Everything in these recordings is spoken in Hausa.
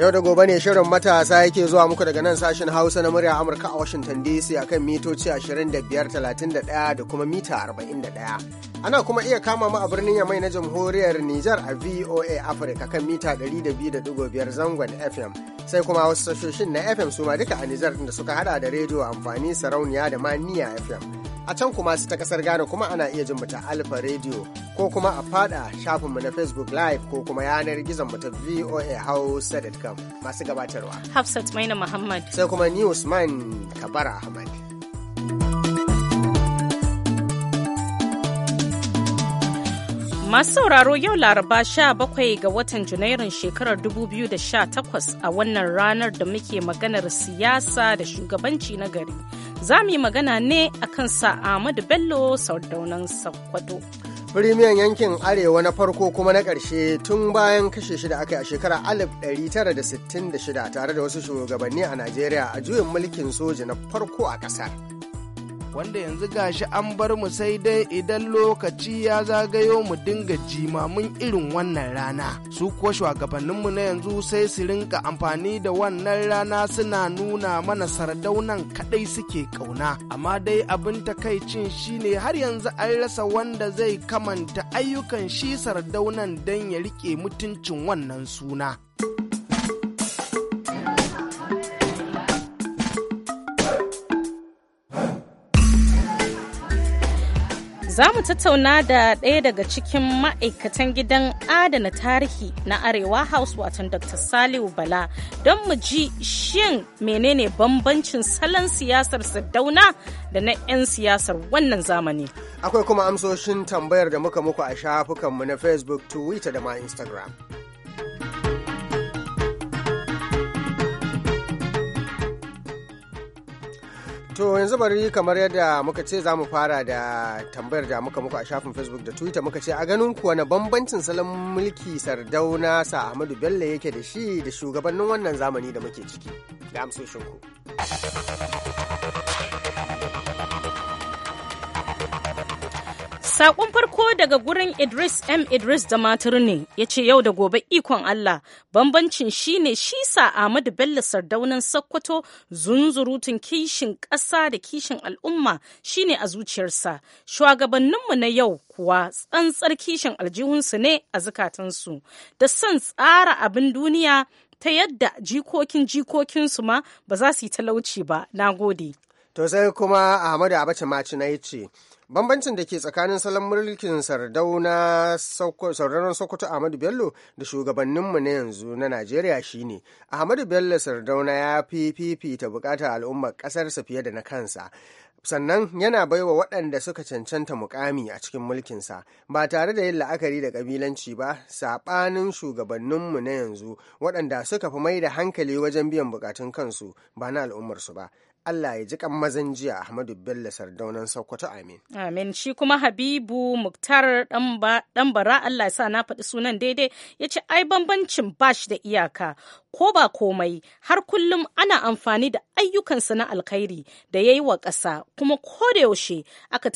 Yau da gobe ne shirin matasa yake zuwa muku daga nan sashen Hausa na murya Amurka a Washington DC a kan mitoci 25,31 da kuma mita 41. Ana kuma iya kama mu a birnin Yamai na Jamhuriyar Nijar a VOA Africa kan mita 200.5 zangon FM. Sai kuma wasu sashoshin na FM su ma duka a Nijar da suka hada da rediyo amfani sarauniya da maniya FM. A can kuma su ta kasar Ghana kuma ana iya jin mu ta Alfa Radio ko kuma a fada shafinmu na Facebook Live ko kuma yanar gizon mu ta voahouse.com masu gabatarwa. Hafsat Maina Muhammad. Sai kuma ni Usman Kabara Ahmad. Masu sauraro yau Laraba bakwai ga watan Janairun shekarar 2018 a wannan ranar da muke maganar siyasa da shugabanci na gari. Za mu yi magana ne akan sa Ahmadu Bello Sardaunan Sakkwato. firimiyan yankin arewa na farko kuma na ƙarshe tun bayan kashe shida da aka yi a shekarar 1966 tare da wasu shugabanni a najeriya a juyin mulkin soja na farko a ƙasar. wanda yanzu gashi an bar mu sai dai idan lokaci ya zagayo mu dinga jimamin irin wannan rana su kuwa shugabanninmu na yanzu sai su rinka amfani da wannan rana suna nuna mana sardaunan kadai suke kauna amma dai abin takaicin shine har yanzu an rasa wanda zai kamanta ayyukan shi sardaunan don ya rike mutuncin wannan suna Za mu tattauna da ɗaya daga cikin ma'aikatan gidan adana tarihi na Arewa House watan Dr. Saliu Bala don mu ji shin menene bambancin salon siyasar sadauna da na 'yan siyasar wannan zamani. Akwai kuma amsoshin tambayar da muka muku a shafukanmu na Facebook, Twitter da ma Instagram. To yanzu bari kamar yadda muka ce za mu fara da tambayar da muka muku a shafin Facebook da Twitter muka ce a ganin ku wani bambancin salon mulki Sardauna sa Ahmadu Bello yake da shi da shugabannin wannan zamani da muke ciki. Da amsoshinku. Sakon farko daga gurin Idris M. Idris da ne ya ce yau da gobe ikon Allah bambancin shi shine shisa Ahmadu Bello sardaunan Sokoto zunzurutun kishin ƙasa da kishin al'umma shi ne a zuciyarsa. Shugabanninmu na yau kuwa tsantsar kishin aljihunsu ne a zukatansu da son tsara abin duniya ta yadda jikokin jikokinsu ma ba za su yi talauci ba. Na gode. To sai kuma Ahmadu na bambancin da ke tsakanin salon mulkin sardauna sauraron sokoto ahmadu bello da shugabanninmu na yanzu na najeriya shine ahmadu bello sardauna ya fi fifita bukatar al'ummar ƙasarsa fiye da na kansa sannan yana baiwa waɗanda suka cancanta mukami a cikin mulkinsa ba tare da yin la'akari da kabilanci ba saɓanin shugabanninmu na yanzu waɗanda suka fi mai da hankali wajen biyan bukatun kansu ba na al'ummarsu ba Allah ya ji kan mazan jiya Ahmadu Bello Sardaunan Sokoto amin. Amin shi kuma Habibu Muktar dan Allah ya sa na faɗi sunan daidai ya ce ai bambancin bash da iyaka ko ba komai har kullum ana amfani da ayyukansa na alkhairi da ya yi wa ƙasa kuma kodayaushe aka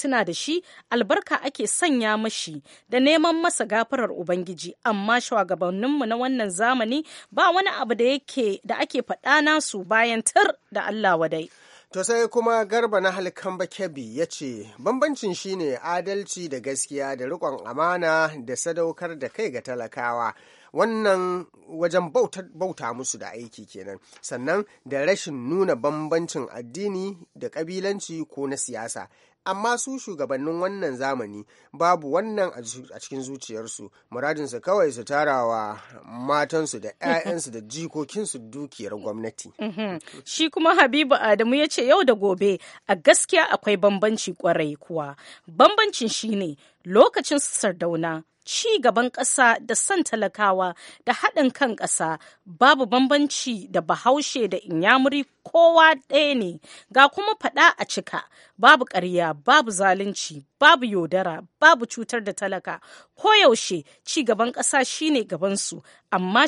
tuna da shi albarka ake sanya mashi da neman masa gafarar ubangiji amma shugabanninmu na wannan zamani ba wani abu da yake da ake faɗa nasu bayan tar da allah wadai To sai kuma garba na halkan bakebi ya ce, bambancin shine adalci da gaskiya da riƙon amana da sadaukar da kai ga talakawa. wannan wajen bauta musu da aiki kenan sannan da rashin nuna bambancin addini da kabilanci ko na siyasa amma su shugabannin wannan zamani babu wannan a cikin zuciyarsu muradinsu kawai su tara wa matansu da 'ya'yansu da jikokinsu dukiyar gwamnati mhm. shi kuma habibu adamu ya ce yau da gobe a gaskiya akwai bambanci kwarai kuwa bambancin shine lokacin sardauna ci gaban ƙasa da son talakawa da haɗin kan ƙasa babu bambanci da bahaushe da inyamuri kowa ɗaya ne ga kuma faɗa a cika babu ƙarya babu zalunci babu yaudara babu cutar da talaka koyaushe ci gaban ƙasa shine gabansu amma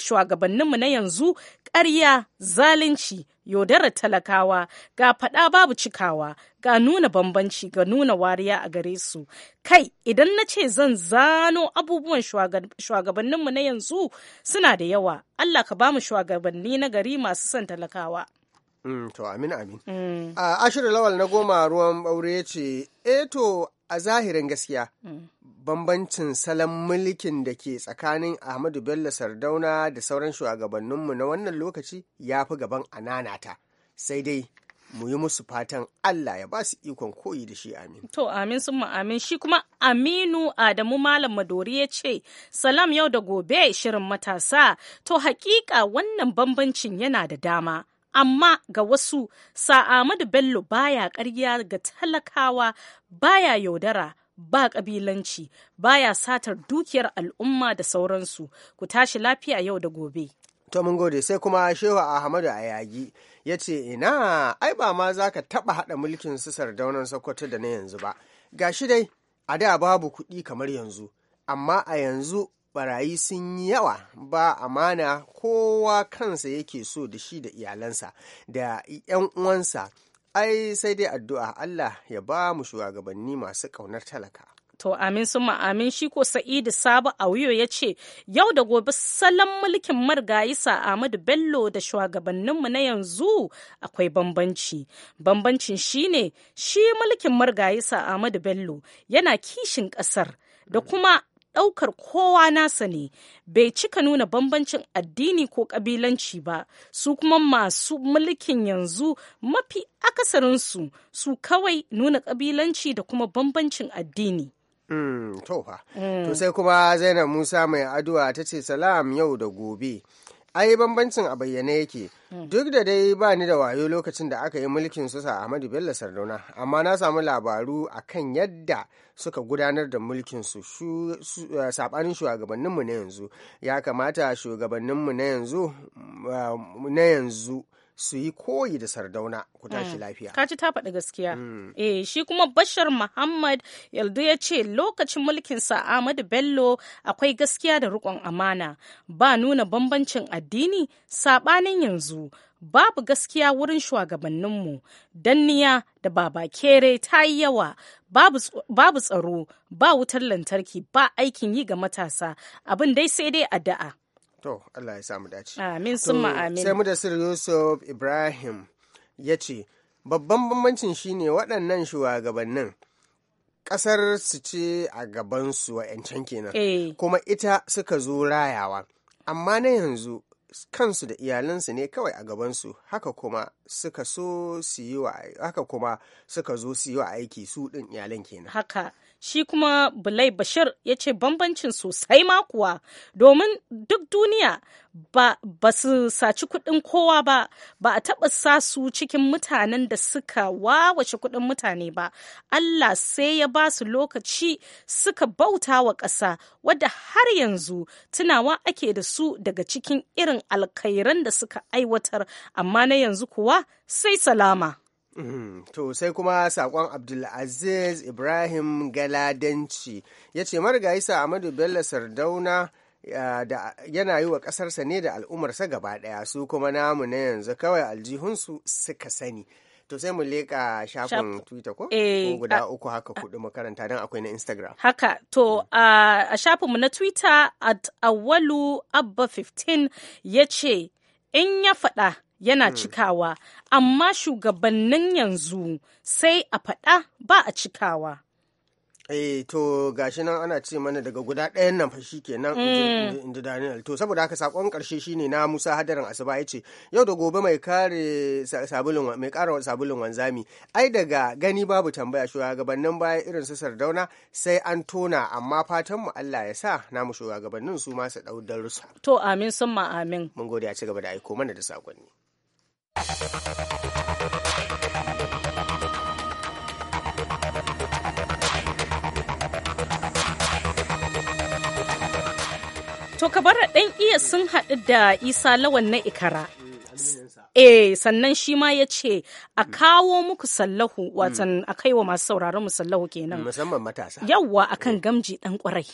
shugabanninmu na yanzu ƙarya zalunci yaudarar talakawa ga faɗa babu cikawa ga nuna bambanci ga nuna wariya a gare su kai idan na ce zan zano abubuwan shugabanninmu na yanzu suna da yawa allah ka bamu shugabanni na gari masu son talakawa Mm, to amin amin. Mm. Uh, ashirin lawal na goma ruwan ɓaure ce, eto eh a zahirin gaskiya, mm. bambancin salon mulkin da ke tsakanin Ahmadu Bello Sardauna da sauran shugabanninmu na wannan lokaci ya fi gaban ananata. Sai dai mu yi musu fatan Allah ya ba su ikon koyi da shi amin. To amin sun amin shi kuma Aminu Adamu Malam Madori ya ce salam yau da gobe shirin matasa to hakika wannan bambancin yana da dama. Amma ga wasu sa Sa'amadu Bello baya ƙarya ga talakawa baya yaudara ba ƙabilanci baya satar dukiyar al'umma da sauransu ku tashi lafiya yau da gobe to mun gode sai kuma shehu ahmadu ayagi ya ce ina ai ba ma za ka taɓa haɗa mulkin su sardaunan sokoto da na yanzu ba Ga shi dai a da babu kuɗi kamar yanzu amma a yanzu barayi sun yi yawa ba amana kowa kansa yake so da shi da iyalansa da 'yan uwansa ai sai dai addu'a Allah ya ba mu shugabanni masu ƙaunar talaka. To amin sun amin shi ko Sa'idu Sabu wuyo ya ce yau da gobe salon mulkin margayisa Ahmadu Bello da shugabanninmu na yanzu akwai bambanci. Bambancin shi ne shi mulkin margayisa Ahmadu Bello yana kishin ƙasar da kuma ɗaukar kowa nasa ne bai cika nuna bambancin addini ko ƙabilanci ba su kuma masu mulkin yanzu mafi akasarinsu su kawai nuna ƙabilanci da kuma bambancin addini mm, mm. to sai kuma Zainab Musa mai addu'a ta ce salam yau da gobe. ai bambancin a bayyane yake hmm. duk da dai ba ni da wayo lokacin da aka yi mulkin su Ahmadu Bello Sardauna amma na samu labaru akan yadda suka gudanar da mulkin su eh, sabanin shugabanninmu na yanzu ya kamata shugabanninmu na yanzu mm, eh, na yanzu su yi koyi da sardauna ku tashi mm. lafiya kaji ta faɗi gaskiya mm. eh shi kuma bashar muhammad yaldu ya ce lokacin mulkin sa ahmadu bello akwai gaskiya da riƙon amana ba nuna bambancin addini saɓanin yanzu babu gaskiya wurin shugabanninmu danniya da kere ta yi yawa babu tsaro ba wutar lantarki ba aikin yi ga matasa abin dai sai dai addu'a. To, Allah ya samu dace. Amin sun amin. Sai mu da Sir Yusuf Ibrahim ya ce, Babban bambancin shine waɗannan shugabannin ƙasar su ce a gabansu wa 'yancan kenan, eh. kuma ita suka zo rayawa. Amma na yanzu kansu da iyalansu ne kawai a gabansu haka kuma suka zo su yi wa aiki su ɗin iyalan kenan haka shi kuma Bulai Bashir ya ce bambancin sosai ma kuwa domin duk duniya ba, ba su saci kuɗin kowa ba ba a taɓa sa su cikin mutanen da suka wawace kuɗin mutane ba Allah sai ya ba su lokaci suka bauta wa ƙasa wadda har yanzu tunawa ake da su daga cikin irin alkairan da suka aiwatar amma na yanzu kuwa sai salama. Mm-hmm. To sai kuma sakon Abdulaziz Ibrahim Galadanci ya ce marigayi amadu Bello Sardauna da yana yi wa ƙasarsa ne da al'ummarsa gaba ɗaya su kuma namu na yanzu kawai aljihunsu suka sani. To sai mu leƙa shafin Twitter ko? Eh, guda uku haka kuɗi makaranta don akwai na Instagram. Haka, to mm. a shafinmu na Twitter at awalu abba 15 ya ce in ya faɗa yana hmm. cikawa amma shugabannin yanzu sai a faɗa ba a cikawa eh to gashi nan ana ce mana daga guda ɗayan nan fashi kenan hmm. ji Daniel to saboda haka sakon karshe shine na Musa Hadarin Asuba ce, yau da gobe mai kare sabulun wanzami ai daga gani babu tambaya shugabannin baya irin su Sardauna sai an tona amma fatan mu Allah ya sa namu shugabannin su ma su dau to amin sun ma amin mun gode a ci gaba da aiko mana da sakonni To da ɗan iya sun haɗu da isa lawan na ikara. Eh sannan shi ma ya ce a kawo muku sallahu hmm. watan a kaiwa masu sauraron mu kenan. Musamman matasa. Yawwa akan hmm. gamji ɗan ƙwarai.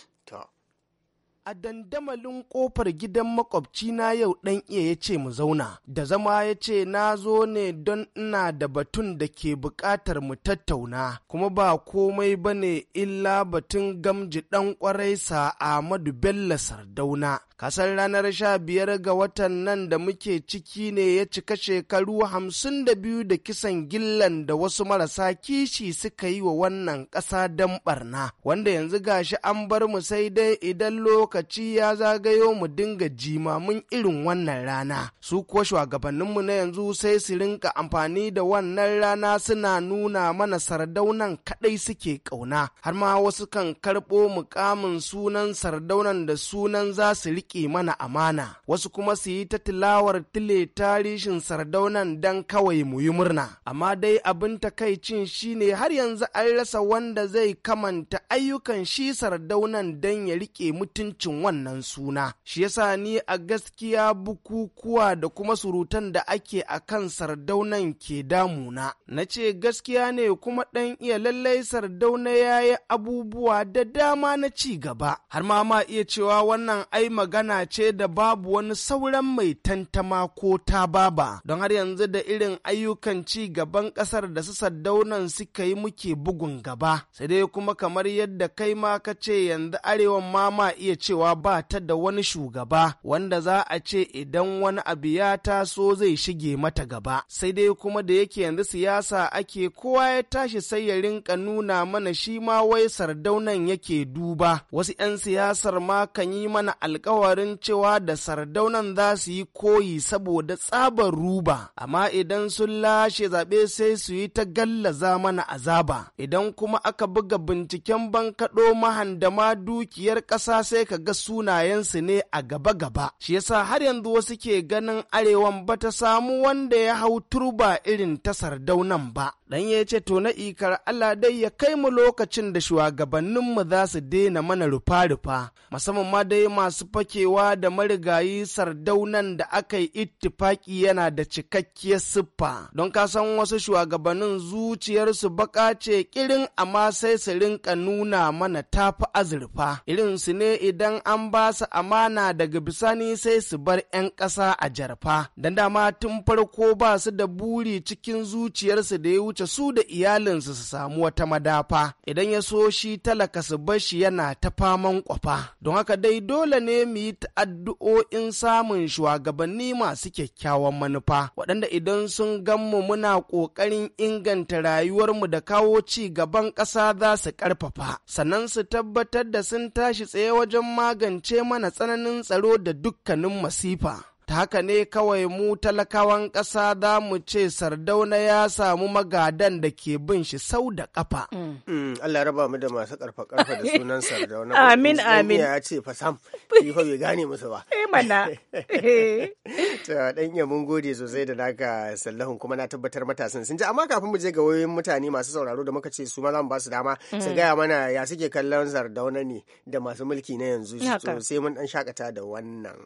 a dandamalin kofar gidan makwabci na yau ɗan iya ya ce mu zauna da zama ya ce na zo ne don ina da batun da ke buƙatar mu tattauna kuma ba komai ba ne illa batun gamji dan kwarai sa Amadu Bello Sardauna kasar ranar sha biyar ga watan nan da muke ciki ne ya cika shekaru hamsin da biyu da kisan gillan da wasu marasa kishi suka yi wa wannan ƙasa don barna wanda yanzu gashi an bar mu sai dai idan lokaci lokaci ya zagayo mu dinga jimamin irin wannan rana su kuwa shugabanninmu na yanzu sai su rinka amfani da wannan rana suna nuna mana sardaunan kadai suke kauna har ma wasu kan karɓo mukamin sunan sardaunan da sunan za su riƙe mana amana wasu kuma su yi ta tilawar tile tarishin sardaunan dan kawai mu yi murna amma dai abin takaicin shine har yanzu an rasa wanda zai kamanta ayyukan shi sardaunan dan ya riƙe mutunci muhimmancin wannan suna shi yasa ni a gaskiya bukukuwa da kuma surutan da ake a kan sardaunan ke damuna na ce gaskiya ne kuma ɗan iya lallai sardauna ya yi abubuwa da dama na ci gaba har ma ma iya cewa wannan ai magana ce da babu wani sauran mai tantama ko ta baba don har yanzu da irin ayyukan ci gaban ƙasar da su sardaunan suka yi muke bugun gaba sai dai kuma kamar yadda kai ma ka ce yanzu arewan ma ma iya ci cewa ba ta da wani shugaba wanda za a ce idan wani abu ya taso zai shige mata gaba sai dai kuma da yake yanzu siyasa ake kowa ya tashi sai ya rinka nuna mana shi ma wai sardaunan yake duba wasu 'yan siyasar ma kan yi mana alkawarin cewa da sardaunan za su yi koyi saboda tsabar ruba amma idan sun lashe zaɓe sai su yi ta gallaza mana azaba idan kuma aka buga binciken bankaɗo mahandama dukiyar ƙasa sai ka ga sunayensu ne a gaba-gaba shi yasa har yanzu wasu ke ganin arewan bata samu wanda ya hau turba irin ta sardaunan ba Dan ya ce to na ikar Allah dai ya kai mu lokacin da shugabanninmu za su daina mana rufa-rufa, musamman ma dai masu fakewa da marigayi sardaunan da aka yi ittifaki yana da cikakkiyar siffa. Don ka san wasu shugabannin zuciyarsu baka ce kirin amma sai su rinka nuna mana tafi azurfa. Irin su ne idan an ba su amana daga bisani sai su bar 'yan ƙasa a jarfa. Dan dama tun farko ba su da buri cikin zuciyarsu da ya wuce wuce su da iyalinsu su samu wata madafa idan ya so shi talaka su bar shi yana ta faman kwafa don haka dai dole ne mu yi ta'addu'o'in samun shugabanni masu kyakkyawan manufa waɗanda idan sun gan mu muna ƙoƙarin inganta rayuwarmu da kawo ci gaban ƙasa za su ƙarfafa sannan su tabbatar da sun tashi tsaye wajen magance mana tsananin tsaro da dukkanin masifa ta haka ne kawai mu talakawan ƙasa za mu ce sardauna ya samu magadan da ke bin shi sau da kafa. Mm. Mm, Allah raba mu da masu ƙarfa ƙarfa da sunan sardauna. Amin amin. Ya ce fasam shi fa bai gane musu ba. Eh mana. To dan ya mun gode sosai da naka sallahun kuma na tabbatar matasan sun ji amma kafin mu je ga wayoyin mutane masu sauraro da muka ce su ma za mu ba su dama su mm. gaya mana ya suke kallon sardauna ne da masu mulki na yanzu sai mun dan shakata da wannan.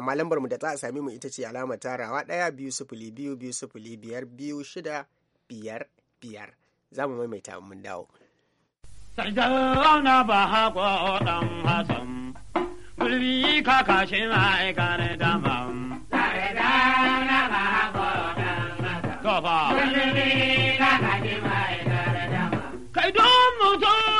amma lambar mu da za a sami mu ita ce alama tarawa ɗaya biyu sufuli biyu biyu sufuli biyar biyu shida biyar biyar za mu maimaita mun dawo. Sardauna ba haƙo ɗan Hassan, gulbi kakashin aikar damam. Sardauna ba haƙo ɗan Hassan, gulbi kakashin aikar damam. Kai don mutum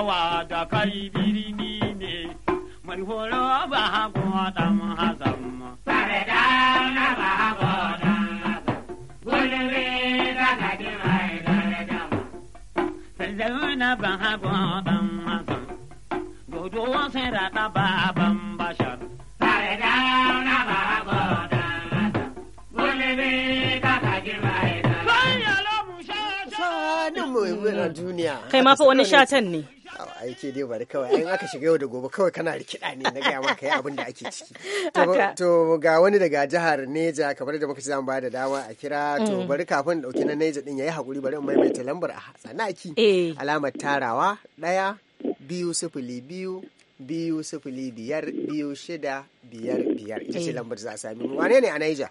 yawa da kai birni ne, horo ba Sare da na ba ba mu duniya. Kai ma shatan ne. ai ce dai bari kawai in aka shiga yau da gobe kawai kana rikida ne na gaya maka yi abin da ake ciki to ga wani daga jihar neja kamar da muka ci zan bada dama a kira to mm. bari kafin dauki na neja din yayi hakuri bari in maimaita lambar a tsanaki eh. alamar tarawa daya biyu sifili biyu biyu sifili biyar biyu shida biyar biyar ita ce eh. lambar za a sami wane ne a neja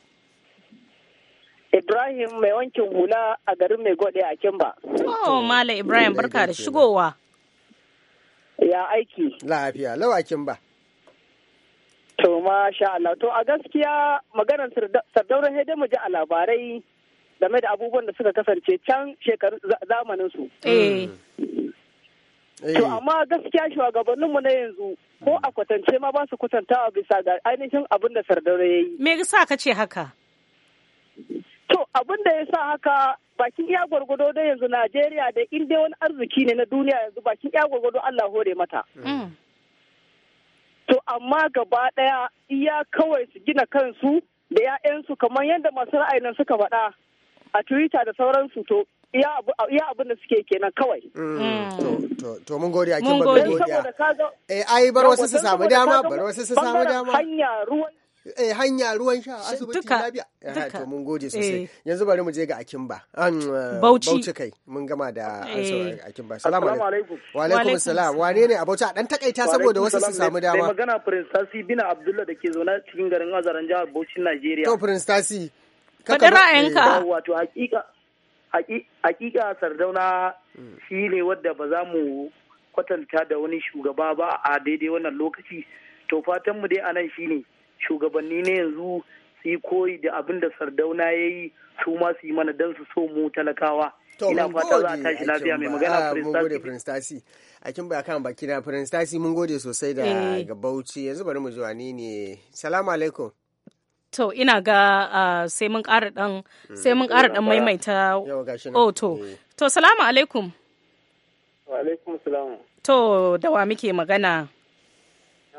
Ibrahim mai wankin hula a garin mai gode a Kimba. Oh, Mala Ibrahim barka da shigowa. Ya aiki. Lafiya, lawakin ba. To masha Allah, to a gaskiya maganar sardaunar hede mu ji a labarai game da abubuwan da suka kasance can shekaru zamanin su. Eh. Eh. To amma gaskiya mu na yanzu ko a kwatance ma ba su kwatantawa bisa ga ainihin abin da sardaura ya yi. Me yasa ka ce haka? To abin da ya sa haka bakin iya gwargwado da yanzu Najeriya da inda wani arziki ne na duniya yanzu bakin iya gwargwado Allah hore mata. Mm. To amma gaba ɗaya iya kawai su gina kansu da 'ya'yansu kamar yadda masu ra'ayi nan suka faɗa a Twitter da sauransu to iya abin da suke kenan kawai. Mm. Mm. To mun gode a kin bar godiya. Eh ai bar wasu su samu dama bar wasu su samu dama. Hanya ruwan Eh, hanya ruwan sha asibiti lafiya eh, to mun gode sosai eh. yanzu bari mu je ga akimba uh, bauchi kai mun gama da akimba assalamu alaikum wa alaikum assalam wane ne abauci a dan takaita saboda wasu su samu dama mai magana prince tasi bina abdullah da ke zaune cikin garin azaran jihar bauchi najeriya to prince tasi faɗi ra'ayinka wato hakika hakika sardauna hmm. shi ne wadda ba za mu kwatanta da wani shugaba ba a daidai wannan lokaci to fatanmu dai anan shine shugabanni ne yanzu su yi koyi da abin da sardauna ya yi su ma su yi mana don su so mu talakawa ina fata za a tashi lafiya mai magana ah, prince tasi a kin ba kan baki na prince tasi mun gode sosai da eh. ga bauchi yanzu bari mu ji ne salamu alaikum to ina ga ah, sai mun ƙara dan hmm. sai mun ƙara dan maimaita oh to eh. to salamu alaikum wa alaikum salam to da wa muke magana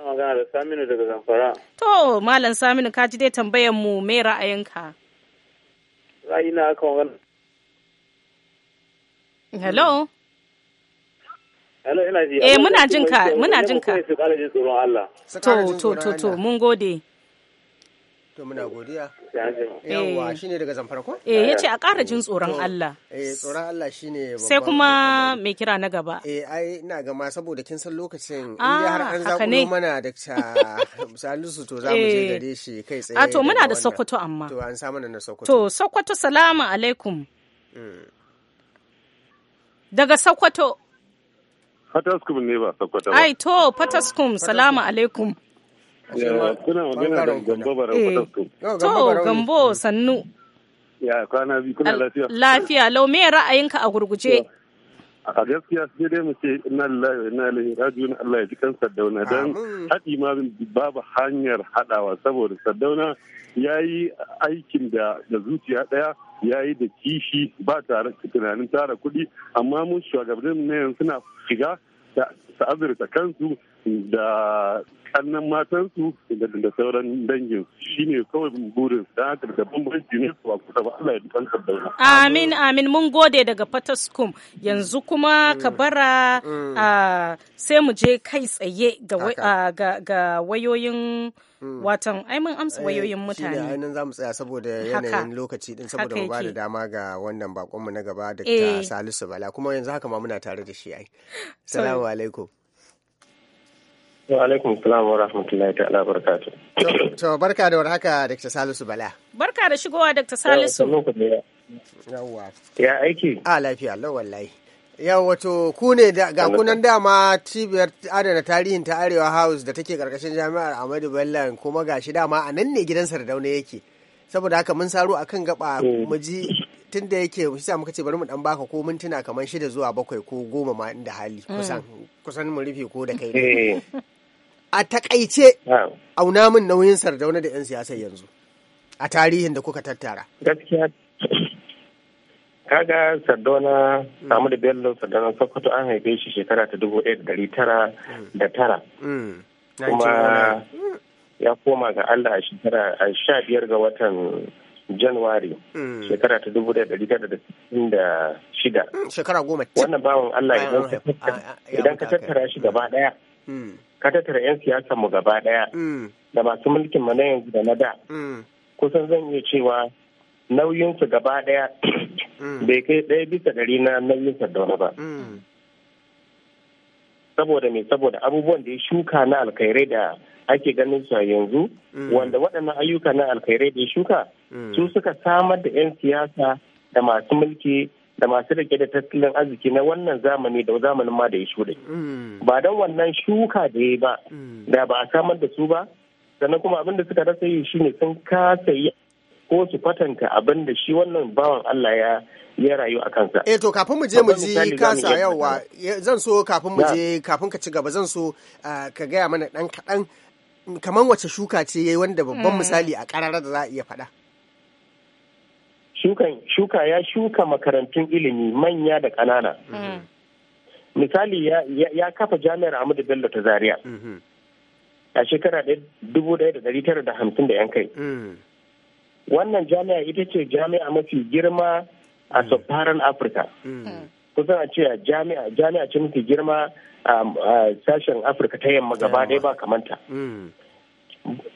magana da Saminu daga Zamfara. To, Malam Saminu, ka ji dai tambayan mu me ra'ayinka? Ra'ayi na aka magana. Hello? Hello, ina ji. Eh, muna jinka, ka, muna jin ka. To, to, to, to, mun gode. to muna godiya yawwa eh. shine daga zamfara ko eh yace a ƙara jin tsoron Allah eh tsoron Allah shine sai kuma mai kira na gaba eh ai ina ga ma saboda kin san lokacin inda ah, har an zakulo mana da ta Salisu to za mu je eh. gare shi kai tsaye a ah, to muna da Sokoto amma to an samu na Sokoto to Sokoto salamu alaikum mm. daga Sokoto Fataskum ne ba Sokoto ai to Fataskum salamu alaikum Kuna magana da Gambo Barau eh, To Gambo sannu. Ya kwana bi kuna lafiya. Lafiya lau me ra'ayinka a gurguje? a gaskiya sai dai mu ce inna lillahi wa inna ilaihi raji'un Allah ya ji kan Saddauna dan haɗi ma babu hanyar haɗawa saboda Saddauna yayi aikin da da zuciya ɗaya yayi da kishi ba tare da tunanin tara kuɗi amma mun shugabannin ne suna shiga ta azurta kansu da kannan matansu da sauran dangin shi ne kawai burin da haka da bambanci ne su kusa ba Allah ya dukan da amin amin mun gode daga fataskum yanzu kuma ka mm. bara mm. sai mu je kai tsaye ga wayoyin mm. watan ai mun amsa eh, wayoyin mutane shine ainihin mu tsaya saboda yanayin lokaci din saboda mu da dama ga wannan bakon mu na gaba da eh. Salisu Bala kuma yanzu haka ma muna tare da shi ai salamu alaikum Wa alaikum salam wa rahmatullahi ta'ala barakatu. To barka da warhaka Dr. Salisu Bala. Barka da shigowa Dr. Salisu. Yawwa. Ya aiki? A lafiya Allah wallahi. Yau wato ku ne ga kunan dama cibiyar adana tarihin ta Arewa House da take karkashin jami'ar Ahmadu Bello kuma gashi dama a nan ne gidan Sardauna yake. Saboda haka mun saro akan gaba eh. mu ji tun da yake shi sa muka ce bari mu dan baka ko mintuna kamar shida zuwa bakwai ko goma ma inda hali kusan kusan mu rufe ko da kai. Eh. a takaice auna min nauyin sardauna da 'yan siyasa yanzu a tarihin da kuka tattara gaskiya kaga sardauna samu da bello sardauna sokoto an haife shi shekara ta dubu ɗaya da tara da tara mm. Mm. kuma ya koma ga allah a shekara a sha biyar ga watan januwari mm. shekara ta dubu da ɗari tara da sittin da shida shekara goma wannan bawan allah idan ka tattara shi gaba ɗaya katatar 'yan siyasar mu gaba daya mm. da masu mulkin mu na yanzu da na da mm. kusan zan iya cewa nauyinsu gaba daya mm. bai kai ɗaya bisa ɗari na nauyin sardauna ba saboda mai saboda abubuwan da ya shuka na alkhairai da ake ganin su a yanzu wanda waɗannan ayyuka na alkhairai da ya shuka su suka samar da 'yan siyasa da masu mulki da masu rike da tattalin arziki na wannan zamani da zamanin ma da ya shuɗe. Mm. Ba don wannan shuka da ya ba, mm. da ba a samar da su ba, sannan kuma abin da suka rasa yi ne sun kasa yi ko su kwatanta abin da shi wannan bawan Allah ya ya rayu a kansa. Eh to kafin mu je mu ji kasa yawa zan so kafin mu je kafin ka ci gaba zan so ah, ka gaya mana ɗan kaɗan kamar wace shuka ce yayi wanda babban hmm. misali a ƙararar da za a iya faɗa. shuka ya shuka makarantun ilimi manya da ƙanana mm-hmm. misali ya kafa jami'ar Ahmadu Bello ta Zaria mm-hmm. a shekara dubu da hamsin da yan mm. wannan jami'a ita ce jami'a mafi girma a mm. sub Afirka mm. kusan a ce jami'a ce mafi girma um, a sashen Afirka ta yamma gaba ɗaya ba kamanta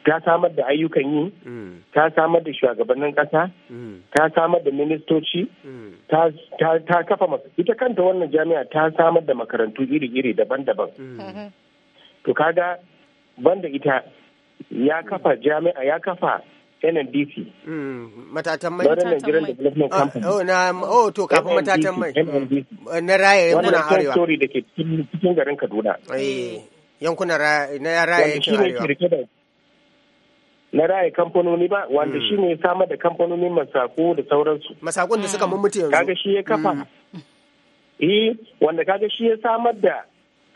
ta samar da ayyukan yi mm. ta samar da shugabannin ƙasa mm. ta samar da ministoci mm. ta kafa ita kanta wannan jami'a ta samar da makarantu iri-iri daban-daban to kaga banda ita ya kafa jami'a ya kafa NNDC. Matatan mai. Matatan mai. Oh, oh, oh, to kafin matatan mai. Na raya yankunan arewa. Wannan story da ke cikin garin Kaduna. Eh, yankunan na raya yankin arewa. na raye kamfanoni ba wanda hmm. shi ne samar da kamfanonin masako da sauransu masakon da suka hmm. mummutu yanzu kaga shi ya kafa hmm. eh wanda kaga shi ya samar da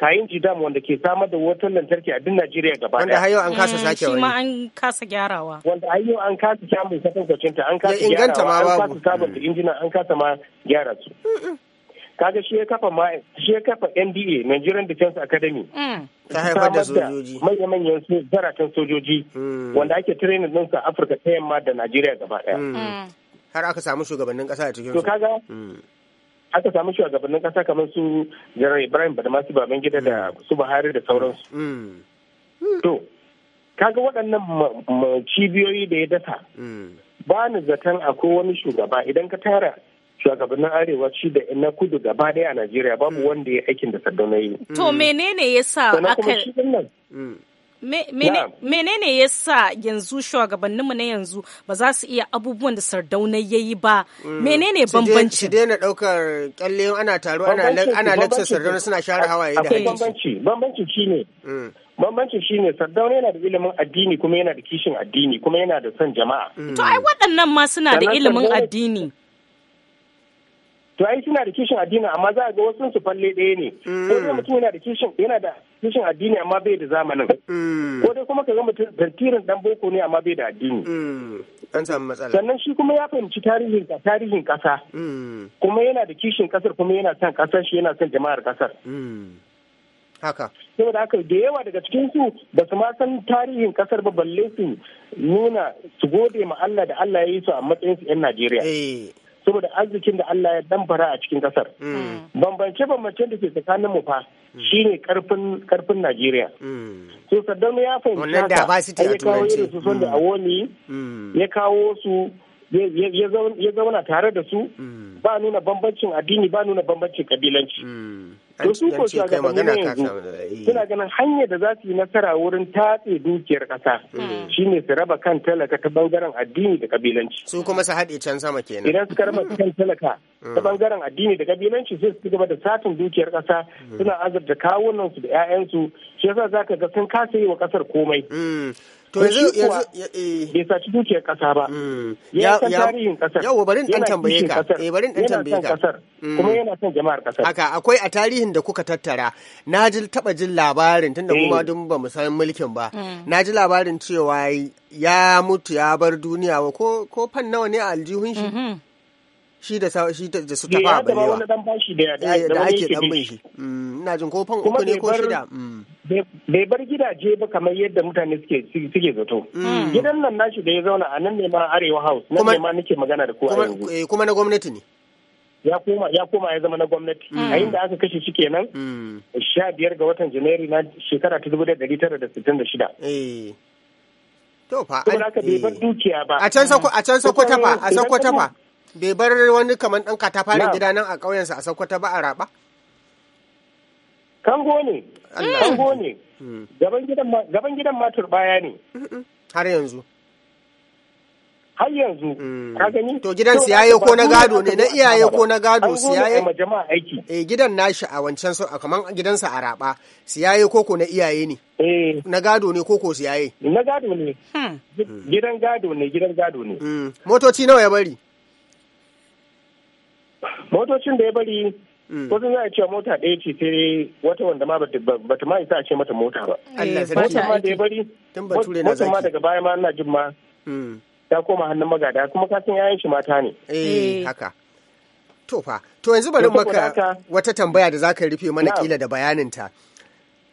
kayan jidam wanda ke samar da wutar lantarki a duk Najeriya gaba Wanda hayo yau an kasa sake wani. Shi an kasa gyarawa. Wanda hayo yau an kasa samun sakan kwacinta an kasa gyarawa an kasa sabunta injina an kasa ma gyara su. kaga shi ya kafa ma shi ya kafa NDA Nigerian Defense Academy mm. ta haifar da sojoji manya-manyan zaratan sojoji mm. wanda ake training din sa Afirka ta yamma da Najeriya gaba daya mm. har aka samu shugabannin kasa a cikin to kaga aka samu shugabannin kasa kamar su Janar Ibrahim Badamasi Babangida da su Buhari da sauransu to kaga waɗannan cibiyoyi da ya dasa ba ni zaton akwai wani shugaba idan ka tara shugabannin arewa shi da na kudu gaba ɗaya a najeriya babu mm. wanda ya aikin da na yi to mm. menene ya sa aka mm. menene ya sa yanzu mu na yanzu ba za su iya abubuwan da sardauna ya yi ba menene bambanci su na ɗaukar kyalle ana taro ana laksa sardauna suna share hawaye da bambanci bambanci shine bambanci shine sardauna yana da ilimin addini kuma yana da kishin addini kuma yana da son jama'a to ai waɗannan ma suna da ilimin addini to ai suna da kishin addini amma za a ga wasu su falle ɗaya ne mm. ko dai mutum yana da kishin yana da kishin addini amma bai da zamanin mm. ko dai kuma ka ga mutum tantirin dan boko ne amma bai da addini mm. an samu matsala sannan shi kuma ya fahimci tarihin tarihin kasa kuma yana da kishin kasar kuma yana son kasar shi yana son jama'ar kasar haka saboda haka da yawa daga cikin su ba su ma san tarihin kasar ba balle su nuna su gode ma Allah da Allah ya yi su a matsayin su yan Najeriya eh, saboda arzikin da Allah ya damfara a cikin kasar. Mm. Bambance bambancen da ke tsakanin mu fa mm. shine karfin karfin Najeriya. Mm. So Saddam ya fahimci haka. a Ya kawo irin su son da Awoni ya kawo su ya zauna tare da su ba nuna bambancin addini ba nuna bambancin kabilanci. to su ko shugabanni yanzu eh. suna ganin hanyar da za su yi nasara wurin tatse dukiyar kasa hmm. shine su raba kan talaka ta bangaren addini da kabilanci su kuma su haɗe can sama kenan idan suka raba kan talaka ta hmm. bangaren addini da kabilanci sai su gaba da satin dukiyar kasa hmm. suna azurta kawunan su da 'ya'yansu shi yasa zaka ga sun kasa yi wa kasar komai to yanzu yanzu eh. bai saci dukiyar kasa ba mm. ya san tarihin kasar yawa barin dan tambaye ka eh barin dan tambaye ka mm. kuma yana son jama'ar kasar haka akwai a tarihin da kuka tattara na ji taba jin labarin tunda kuma eh. dun ba mu san mulkin ba mm. na ji labarin cewa ya mutu ya bar duniya ko ko fan nawa ne a aljihun shi mm-hmm. shi da sa shi da su tafa ba wani dan bashi da da eh, ake dan bin mm, ina jin ko fan uku ne ko shida mm. bai bar gidaje ba kamar yadda mutane suke suke zato mm. gidan nan nashi da ya zauna a nan ne ma arewa house nan ne ma nake magana da ku a yanzu eh, kuma na gwamnati ne ya koma ya koma ya zama na gwamnati a inda aka kashe shi kenan sha biyar ga watan janairu na shekara ta dubu da dari tara da sittin da shida eh. to fa a can sako a can a sako tafa bai bar wani kamar ɗan katafaren gida nan a ƙauyensa a saukota ba a raba kango ne kango ne hmm. gaban gidan ma turbaya ne har yanzu har yanzu hmm. ka gani to gidan siyaye ko na gado ne na iyaye ko na gado siyaye ma jama'a aiki eh gidan nashi a wancan so kaman gidansa a raba siyaye ko ko na iyaye ne eh na gado ne ko ko siyaye na gado ne hmm. gidan gado ne gidan gado ne motoci nawa ya bari motocin da ya bari hmm. ko sun za a cewa mota ɗaya ce sai wata wanda ma bata ma isa a ce mata mota ba eh, mota ma da ya bari mota ma daga baya ma ana jin ma hmm. ta koma hannun magada kuma kasan yayan shi mata ne eh, eh. haka to to yanzu bari maka wata tambaya da za ka rufe mana kila da bayaninta.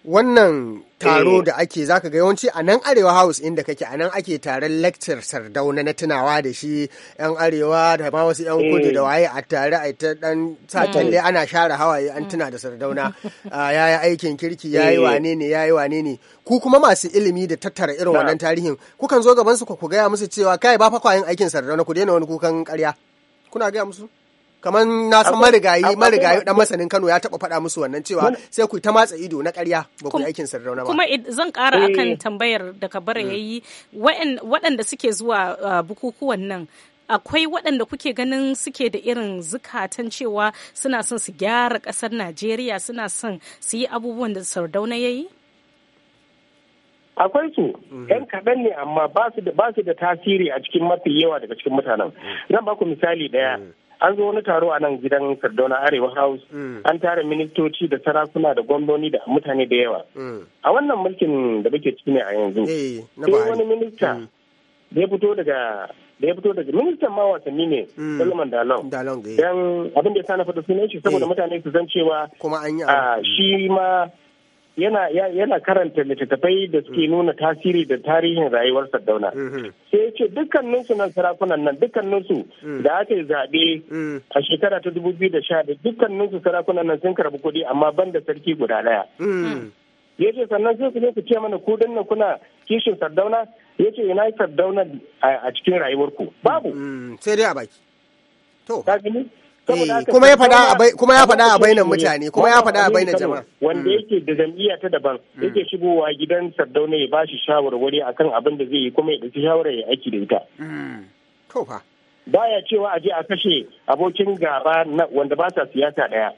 wannan taro eh. da ake zaka ga yawanci a nan arewa house inda kake a nan ake taron lecture sardauna na tunawa da shi yan arewa da ma wasu yan kudu da eh. waye a tare a ta dan satan dai ana share hawaye an hmm. tuna da sardauna yayi aikin kirki yayi eh. wane ne yayi wane ne ku kuma masu ilimi da tattara irin wannan tarihin kukan zo gaban su ku gaya musu cewa kai ba fa kwayin aikin sardauna ku daina wani kukan karya kuna gaya musu kamar na san marigayi marigayi dan masanin Kano ya taba faɗa musu wannan cewa sai ku ta matsa ido na ƙarya ba ku aikin sarrauna ba kuma zan ƙara akan eh. tambayar da Kabara mm. yayi waɗanda suke zuwa uh, bukukuwan nan akwai waɗanda kuke ganin suke da irin zukatan cewa suna son su gyara ƙasar Najeriya suna son su yi abubuwan da Sardauna yayi. akwai su mm. yan kaɗan ne amma ba su da tasiri a cikin mafi yawa daga cikin mutanen mm. zan ba ku misali daya. an zo wani taro a nan gidan sardauna arewa house mm. an tara ministoci da sarakuna da gwamnoni da mutane da yawa mm. a wannan mulkin da muke ciki ne a yanzu eh, sai wani minista mm. da ya fito daga da ya fito daga ministan ma wasanni ne Solomon Dalong eh. dan abin da ya sa na sunan shi saboda eh. mutane su san cewa kuma an shi ma yana karanta littattafai da suke mm. nuna tasiri da tarihin rayuwar Sardauna. Mm-hmm. Sai ya ce dukkaninsu nan sarakunan nan dukkaninsu mm. da aka yi zaɓe mm. a shekara ta dubu biyu da sha da dukkaninsu sarakunan nan sun karɓi kuɗi amma ban da sarki guda ɗaya. Ya ce sannan sai ku je ku ce mana ku na kuna kishin Sardauna ya ce ina Sardauna a cikin rayuwarku babu. Sai dai a baki. To. kuma ya faɗa kuma ya faɗa a bainar mutane kuma ya faɗa a bainar jama'a wanda mm. yake da jam'iyya ta daban mm. yake shigowa gidan Sardauna ya bashi shawarwari akan abin da zai yi kuma ya ɗauki shawara ya aiki da ita mm. to fa baya cewa je a kashe abokin gaba wanda ba sa siyasa daya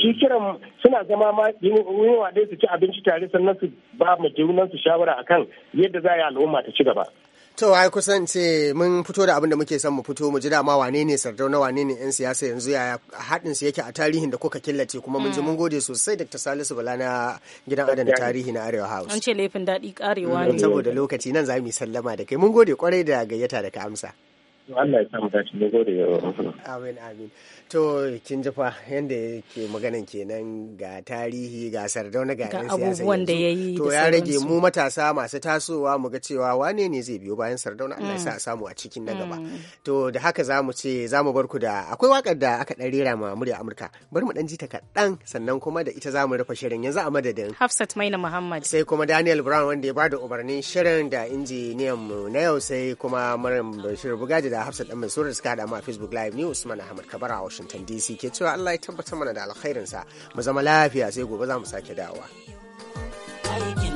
shi kiran suna zama ma yunwa dai su ci abinci tare sannan su ba mu junan su shawara akan yadda za a yi al'umma ta ci gaba To ai kusan ce mun fito da abin da muke son mu fito mu ji dama wane ne sardauna wane ne yan siyasa yanzu yaya haɗin su yake a tarihin da kuka killace kuma mun ji mun mm. gode sosai Dr. Salisu Bala na gidan adana tarihi na Arewa House. An ce laifin daɗi karewa mm, ne. Saboda lokaci nan za mu yi sallama da kai mun gode kwarai da gayyata da ka amsa. Allah ya samu dace ne gode Amin amin. To kin ji fa yanda yake maganan kenan ga tarihi ga sardauna ga yan abubuwan da yayi To ya rage mu matasa masu tasowa mu ga cewa wane ne zai biyo bayan sardauna Allah ya sa a mm. samu a cikin na gaba. Mm. To da haka za mu ce za mu bar ku da akwai wakar da aka dan rera ma murya Amurka. bar mu dan ji ta kaɗan sannan kuma da ita za mu rufe shirin yanzu a madadin. Hafsat Maina Muhammad. Sai kuma Daniel Brown wanda ya bada umarnin shirin da injiniyan mu na yau sai kuma Maryam Bashir Bugaji da Hafsat dan Mansur da suka hada mu a Facebook Live ni Usman Ahmad Kabara a Washington DC ke cewa Allah ya tabbatar mana da alkhairinsa mu zama lafiya sai gobe za mu sake dawowa. Aikin